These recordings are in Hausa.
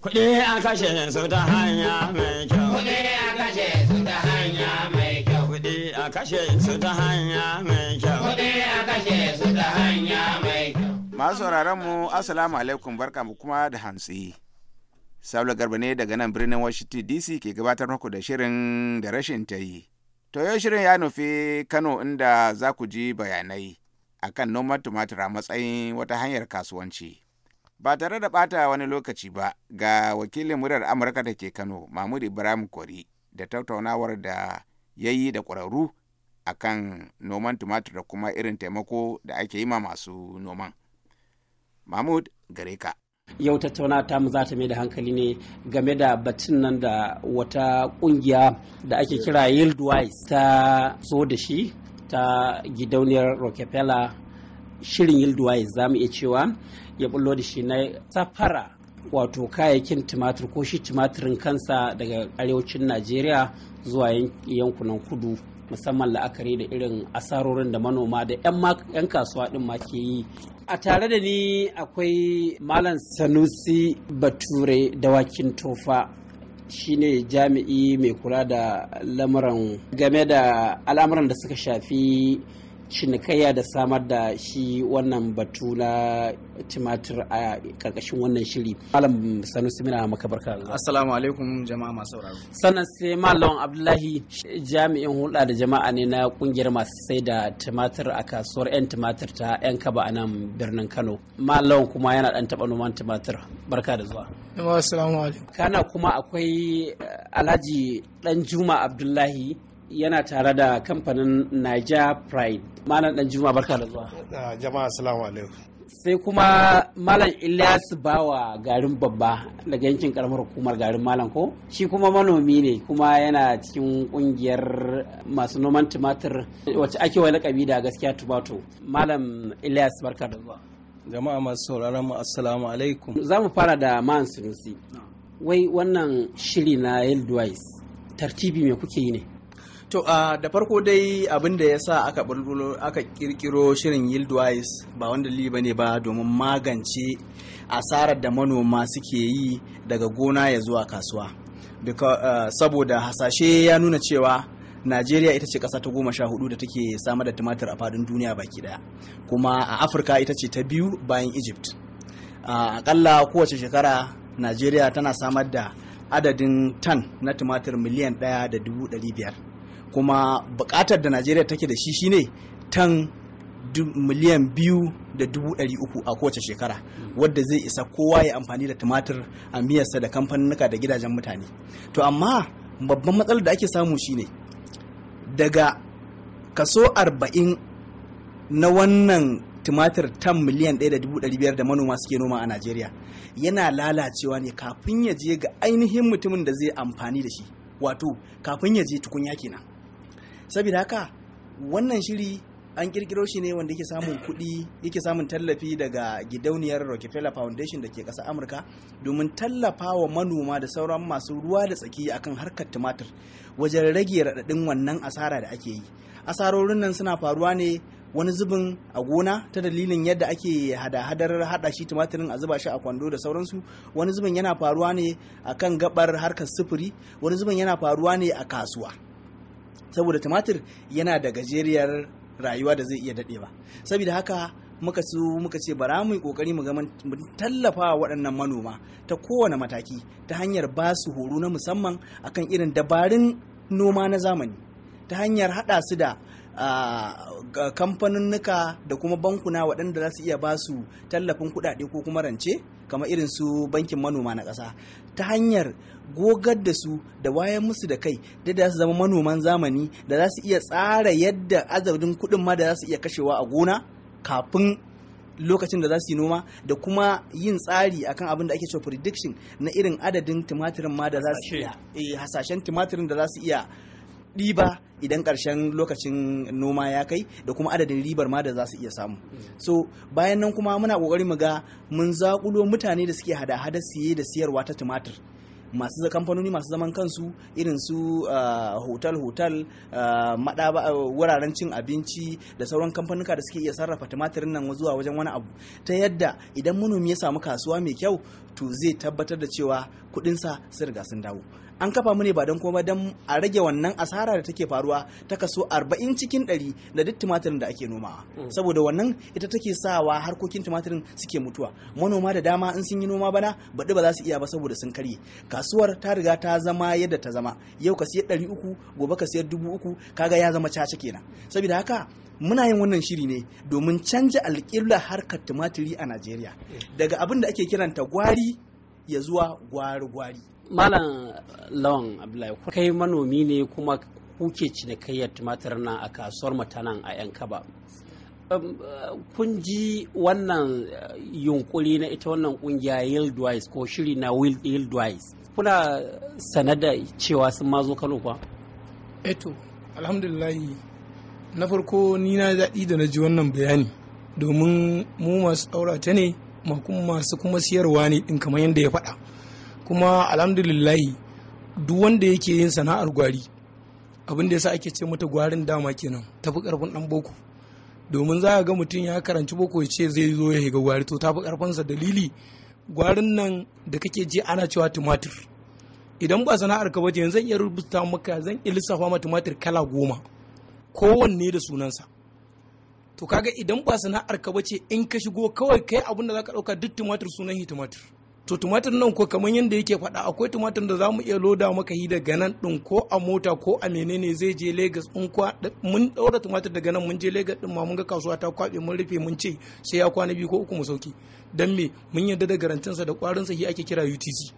Kuɗi a kashe su ta hanya mai kyau. Kuɗi a kashe su ta hanya mai kyau. Kuɗi a kashe su ta hanya mai kyau. Kuɗi a kashe su ta hanya mai kyau. Masu sauraron mu Assalamu alaikum barka mu kuma da hantsi. Sabla Garba ne daga nan birnin Washington DC ke gabatar muku da shirin da rashin ta yi. To shirin ya nufi Kano inda za ku ji bayanai akan noman tumatir a matsayin wata hanyar kasuwanci. Ba tare da ɓata wani lokaci ba ga wakilin muryar Amurka da ke Kano, Mahmud Ibrahim Kori, da tattaunawar da ya yi da ƙwararru a kan noman tumatir da kuma irin taimako da ake yi ma masu noman. Mahmud gare ka. Yau tattauna ta mu za ta mai da hankali ne game da batun nan da wata kungiya da ake kira Yieldwise ta so da shi ta gidauniyar Rockefeller shirin Yieldwise za mu iya cewa ya bullo da shi na safara wato kayayyakin tumatir ko shi tumatirin kansa daga arewacin najeriya zuwa yankunan kudu musamman la'akari da irin asarorin da manoma da 'yan kasuwa ɗin ma ke yi a tare da ni akwai malam sanusi bature dawakin tofa shine jami'i mai kula da lamuran game da al'amuran da suka shafi cinikayya da samar da shi wannan batu na tumatir a karkashin wannan shiri malam sanusi mina maka barka assalamu alaikum jama'a masu sauraro sannan sai malam abdullahi jami'in hulɗa da jama'a ne na kungiyar masu sai da tumatir a kasuwar yan timatir ta yan kaba a nan birnin kano malam kuma yana dan taba noman tumatir barka da zuwa assalamu alaikum kana kuma akwai eh, alhaji dan juma abdullahi yana tare da kamfanin Niger Pride. Malam dan Juma barka da zuwa. Ah, jama'a assalamu alaikum. Sai kuma Malam Ilyas Bawa garin babba daga yankin karamar hukumar garin Malam ko? Shi kuma manomi ne kuma yana cikin kungiyar masu noman tumatir wacce ake wani lakabi da gaskiya tumato. Malam Ilyas barka da zuwa. Jama'a masu sauraron mu assalamu alaikum. Za mu fara da Man Sunusi. Wai wannan shiri na Yildwise tartibi me kuke yi ne? To uh, da farko dai abin da ya sa aka bulbulo aka kirkiro shirin Yieldwise ba wanda li ne ba domin magance asarar da manoma suke yi daga gona ya zuwa kasuwa. saboda hasashe ya nuna cewa Najeriya ita ce ƙasa ta goma sha hudu da take samar da tumatir a fadin duniya baki ɗaya kuma a Afirka ita ce ta biyu bayan Egypt. Uh, kowace shekara Najeriya tana samar da adadin tan na tumatir miliyan ɗaya da dubu ɗari biyar. kuma bukatar da najeriya take da shi shine tan miliyan biyu da dubu ɗari uku a kowace shekara wadda zai isa kowa ya amfani da tumatir a miyarsa da kamfanunuka da gidajen mutane to amma babban matsalar da ake samu shine daga kaso arba'in na wannan tumatir tan miliyan ɗaya da dubu ɗari biyar da manoma suke noma a najeriya yana lalacewa ne kafin ya je ga ainihin mutumin da zai amfani da shi wato kafin ya je tukunya kenan saboda haka wannan shiri an kirkiro shi ne wanda yake samun kuɗi yake samun tallafi daga gidauniyar Rockefeller Foundation da ke ƙasar Amurka domin tallafa wa manoma da sauran masu ruwa da tsaki akan harkar tumatir wajen rage raɗaɗin wannan asara da ake yi. Asarorin nan suna faruwa ne wani zubin a gona ta dalilin yadda ake hada-hadar hada shi tumatirin a zuba shi a kwando da sauransu wani zubin yana faruwa ne akan gabar harkar sufuri wani zubin yana faruwa ne a kasuwa. saboda tumatir yana da gajeriyar rayuwa da zai iya ba. saboda haka muka su muka ce bara mu yi kokari mu gama mu tallafa waɗannan manoma ta kowane mataki ta hanyar ba su horo na musamman akan irin dabarun noma na zamani ta hanyar haɗa su da kamfaninnuka da kuma bankuna waɗanda za su iya ba su tallafin kuɗaɗe ko kuma rance kamar irin su bankin manoma na ƙasa ta hanyar gogar da su da wayan musu da kai da za su zama manoman zamani da za su iya tsara yadda azabin kudin ma da za su iya kashewa a gona kafin lokacin da za su yi noma da kuma yin tsari akan abin da ake cewa prediction na irin adadin tumatirin ma da za su iya eh, hasashen tumatirin da za su iya ɗiba idan ƙarshen lokacin noma ya kai da kuma adadin ribar ma da za su iya samu mm. so bayan nan kuma muna ƙoƙari mu ga mun zaƙulo mutane da suke hada-hada siye da siyarwa ta tumatir masu kamfanoni masu zaman kansu irin su hotel-hotel ah, ah, ah, wuraren cin abinci da sauran kamfanuka da suke iya sarrafa tumatirin nan zuwa wajen wani abu ta yadda idan manomi ya samu kasuwa mai kyau to zai tabbatar da cewa kudinsa sun riga sun dawo an kafa mu ne ba don kuma don a rage wannan asara da take faruwa ta kaso 40 cikin 100 da duk tumatirin da ake nomawa mm. saboda wannan ita take sawa harkokin tumatirin suke mutuwa manoma da dama in sun yi noma bana baɗi ba za su iya ba saboda sun karye kasuwar ta riga ta zama yadda ta zama yau ka siyar uku gobe ka siyar uku kaga ya zama caca kenan saboda haka muna yin wannan shiri ne domin canja alƙiblar harkar tumatiri a Najeriya mm. daga abin da ake kiranta gwari ya zuwa gwari-gwari. Malam Lawan Abdullahi kai manomi ne kuma kuke cinikayyar tumatir nan a kasuwar matanan a 'yan kaba. Um, uh, kun ji wannan uh, yunkuri na ita wannan kungiya Yildwise ko shiri na Yildwise kuna sanada cewa sun mazo Kano kwa? Eto, eh alhamdulillahi na farko ni na daɗi da na ji wannan bayani domin mu masu ɗaura ta ne masu kuma siyarwa ne din kamar yadda ya faɗa kuma alhamdulillahi duk wanda yake yin sana'ar gwari abin da yasa ake ce mata gwarin dama kenan tafi karfin dan boko domin za a ga mutum ya karanci boko ya ce zai zo ya shiga gwari to tafi karfinsa dalili gwarin nan da kake ji ana cewa tumatir idan ba sana'ar ka bace zan iya rubuta maka zan iya lissafa ma tumatir kala goma kowanne da sunansa to kaga idan ba sana'ar ka bace in ka shigo kawai kai abin da zaka dauka duk tumatir sunan hi tumatir to tumatir nan ko kamar yadda yake faɗa akwai tumatir da zamu iya loda maka hi daga nan din ko a mota ko a menene zai je Lagos in kwa mun daura tumatir daga nan mun je Lagos din ma mun ga kasuwa ta kwabe mun rufe mun ce sai ya kwana biyu ko uku mu sauki dan me mun yadda da garantin sa da kwarin sa hi ake kira UTC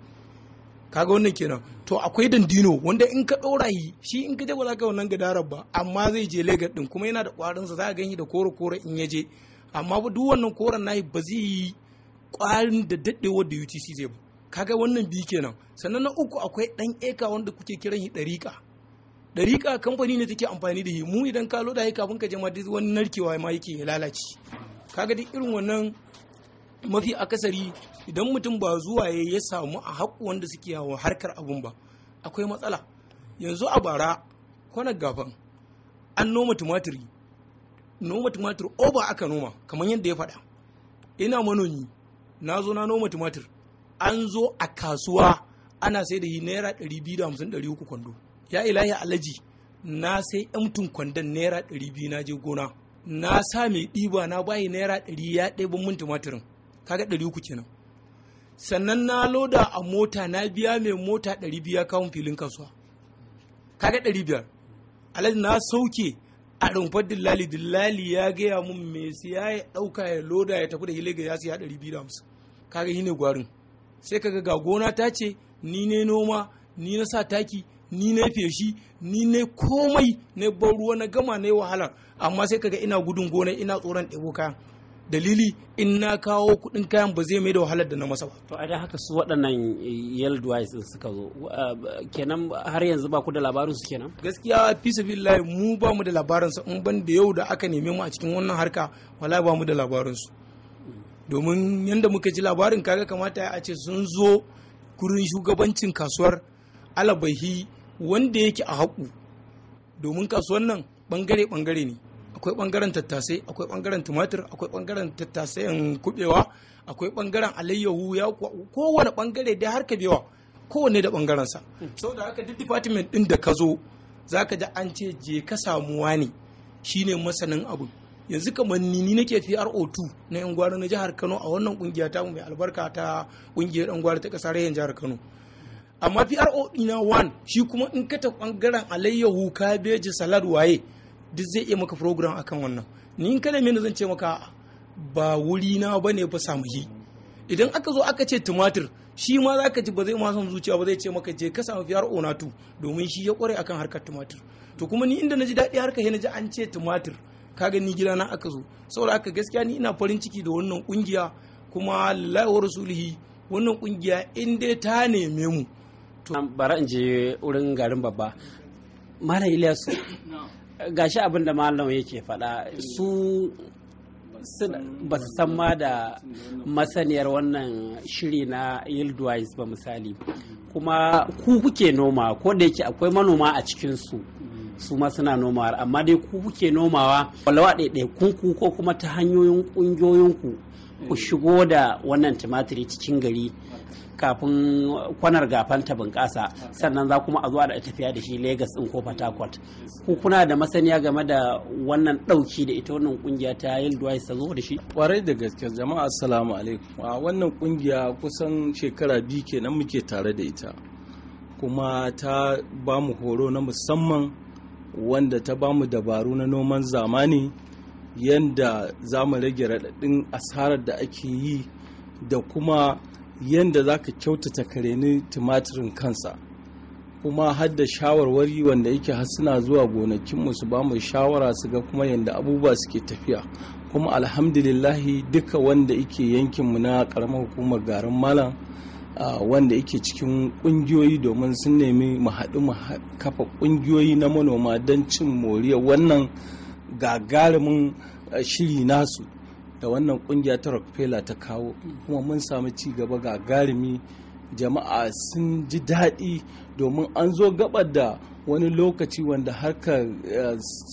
kaga wannan kenan to akwai dandino wanda in ka ɗora yi shi in ka je ba za ka wannan gadarar ba amma zai je legas din kuma yana da ƙwarin sa za a gan da kore kore in ya je amma duk wannan koren nahi ba zai yi ƙwarin da daɗewar da utc zai ba kaga wannan biyu kenan sannan na uku akwai ɗan eka wanda kuke kiran shi ɗariƙa ɗariƙa kamfani ne take amfani da shi mu idan ka loda yi kafin ka je ma duk wani narkewa ma yake ya lalace kaga duk irin wannan mafi akasari idan mutum ba zuwa ya ya samu a haƙu wanda suke yawo harkar abun ba akwai matsala yanzu a bara kwanan gaban an noma tumatiri noma tumatir oba aka noma kamar yadda ya faɗa ina manomi na zo na noma tumatir an zo a kasuwa ana sai da yi naira 250 kwando ya ilahi alaji na sai mutum kwandon naira 200 na je gona na sa mai ɗiba na bayi naira 100 ya ɗaya min tumatirin kaga ɗari uku kenan sannan na loda a mota na biya mai mota ɗari biya kawun filin kasuwa kaga ɗari biyar alhaji na sauke a rumfar dillali dillali ya gaya mun me siya ya ɗauka ya loda ya tafi da hilega ya siya ɗari biyu da hamsin kaga shi ne gwarin sai kaga ga gona ta ce ni ne noma ni na sa taki ni na feshi ni ne komai na ban ruwa na gama na yi wahalar amma sai kaga ina gudun gona ina tsoron ɗebo kayan dalili in na kawo kuɗin kayan ba zai mai da wahalar da na masa ba to a haka su waɗannan yelduwais din suka zo ah, kenan har yanzu ba ku da labarin su kenan gaskiya fi sabilillahi mu ba mu da labarin su in ban da yau da aka neme mu a cikin wannan harka wala ba mu da labarin su domin yanda muka ji labarin kaga kamata a ce sun zo kurin shugabancin kasuwar alabahi wanda yake a haƙu domin kasuwar nan bangare-bangare ne akwai bangaren tattasai akwai bangaren tumatir akwai bangaren tattasayan kubewa akwai bangaren alayyahu ya kowane bangare dai harka biyawa, kowanne da bangaren sa da haka duk department din da ka zo za ka ji an ce je ka samuwa ne shine masanin abu yanzu kamar ni ni nake PRO2 na yan gwari na jihar Kano a wannan kungiya ta mai albarka ta kungiyar yan gwari ta kasar yan jihar Kano amma PRO ina 1 shi kuma in ka ta bangaren alayyahu kabeji salad waye duk zai iya maka program akan wannan ni in kana ne zan ce maka ba wuri na bane ba samu yi idan aka zo aka ce tumatir shi ma za ka ji ba zai ma son zuciya ba zai ce maka je ka samu fiyar onatu domin shi ya kware akan harkar tumatir to kuma ni inda na ji daɗi harkar ya na ji an ce tumatir ka gani gida na aka zo saboda aka gaskiya ni ina farin ciki da wannan kungiya kuma lillahi wa rasulihi wannan kungiya in dai ta neme mu bara in je wurin garin babba malam ilyasu gashi abin da malam yake faɗa su ba su san ma da masaniyar wannan shiri na yildwise ba misali kuma ku kuke noma ko da yake akwai manoma a cikinsu su ma suna nomawa amma dai ku kuke nomawa walawa ɗaiɗaikun ku ko kuma ta hanyoyin ƙungiyoyinku ku eh. shigo da wannan tumatiri cikin gari kafin kwanar gafan ta bunƙasa sannan za kuma a zuwa da tafiya da shi Legas ɗin ko Port eh, Harcourt. Ku kuna da masaniya game da wannan ɗauki da ita wannan ƙungiya ta Yildwise ta zo da shi? Kwarai da gaske jama'a assalamu alaikum. A wannan ƙungiya kusan shekara biyu kenan muke tare da ita. Kuma ta ba mu horo na musamman wanda ta bamu dabaru na noman zamani yadda za mu rage raɗaɗin asarar da ake yi da kuma yadda za ka kyautata kareni tumatirin kansa kuma har da shawarwari wanda yake har suna zuwa gonakinmu su ba mu shawara su ga kuma yadda abubuwa suke tafiya kuma alhamdulillahi duka wanda yake yankinmu na ƙaramar hukumar garin malam wanda yake cikin kungiyoyi domin sun nemi mu haɗu mu kafa kungiyoyi na manoma don cin moriya wannan gagarumin shiri nasu da wannan kungiya ta rockefeller ta kawo kuma mun samu ci gaba gagarumi jama'a sun ji daɗi domin an zo gabar da wani lokaci wanda harkar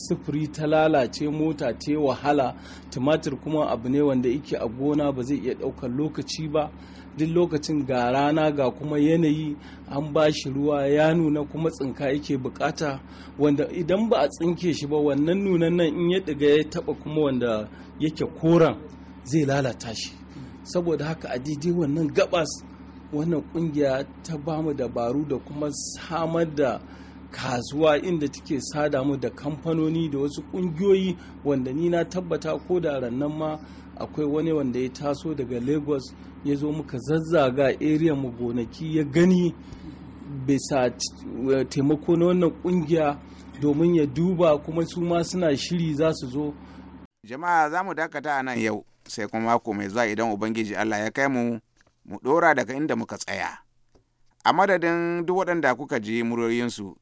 sufuri ta lalace mota ta wahala tumatir kuma abu ne wanda yake a gona ba zai iya ɗaukar lokaci ba duk lokacin ga rana ga kuma yanayi an ba shi ruwa ya nuna kuma tsinka yake bukata wanda idan ba a tsinke shi ba wannan nunan nan in ya ɗiga ya taba kuma wanda yake koren zai lalata shi saboda haka a daidai wannan gabas wannan kungiya ta bamu dabaru da kuma samar da kasuwa inda take sada mu da kamfanoni da wasu kungiyoyi wanda ni na tabbata ko da rannan ma akwai wani wanda ya taso daga lagos ya zo muka zazzaga area mu gonaki ya gani bisa eh, taimako na wannan kungiya domin ya duba kuma su ma suna shiri za su zo jama'a za mu dakata a nan yau sai kuma mako mai zuwa idan ubangiji allah ya kai mu mu dora daga inda muka tsaya a madadin duk waɗanda kuka ji muryoyinsu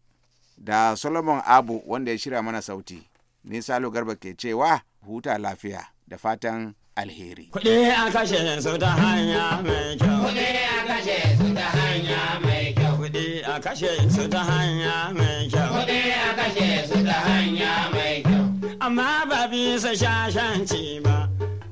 da solomon abu wanda ya shirya mana sauti ni salo garba ke cewa huta lafiya da fatan alheri kuɗi a kashe su ta hanya mai kyau kuɗi a kashe su ta hanya mai kyau kuɗi a kashe su ta hanya mai kyau kuɗi a kashe su ta hanya mai kyau amma ba bisa shashanci ba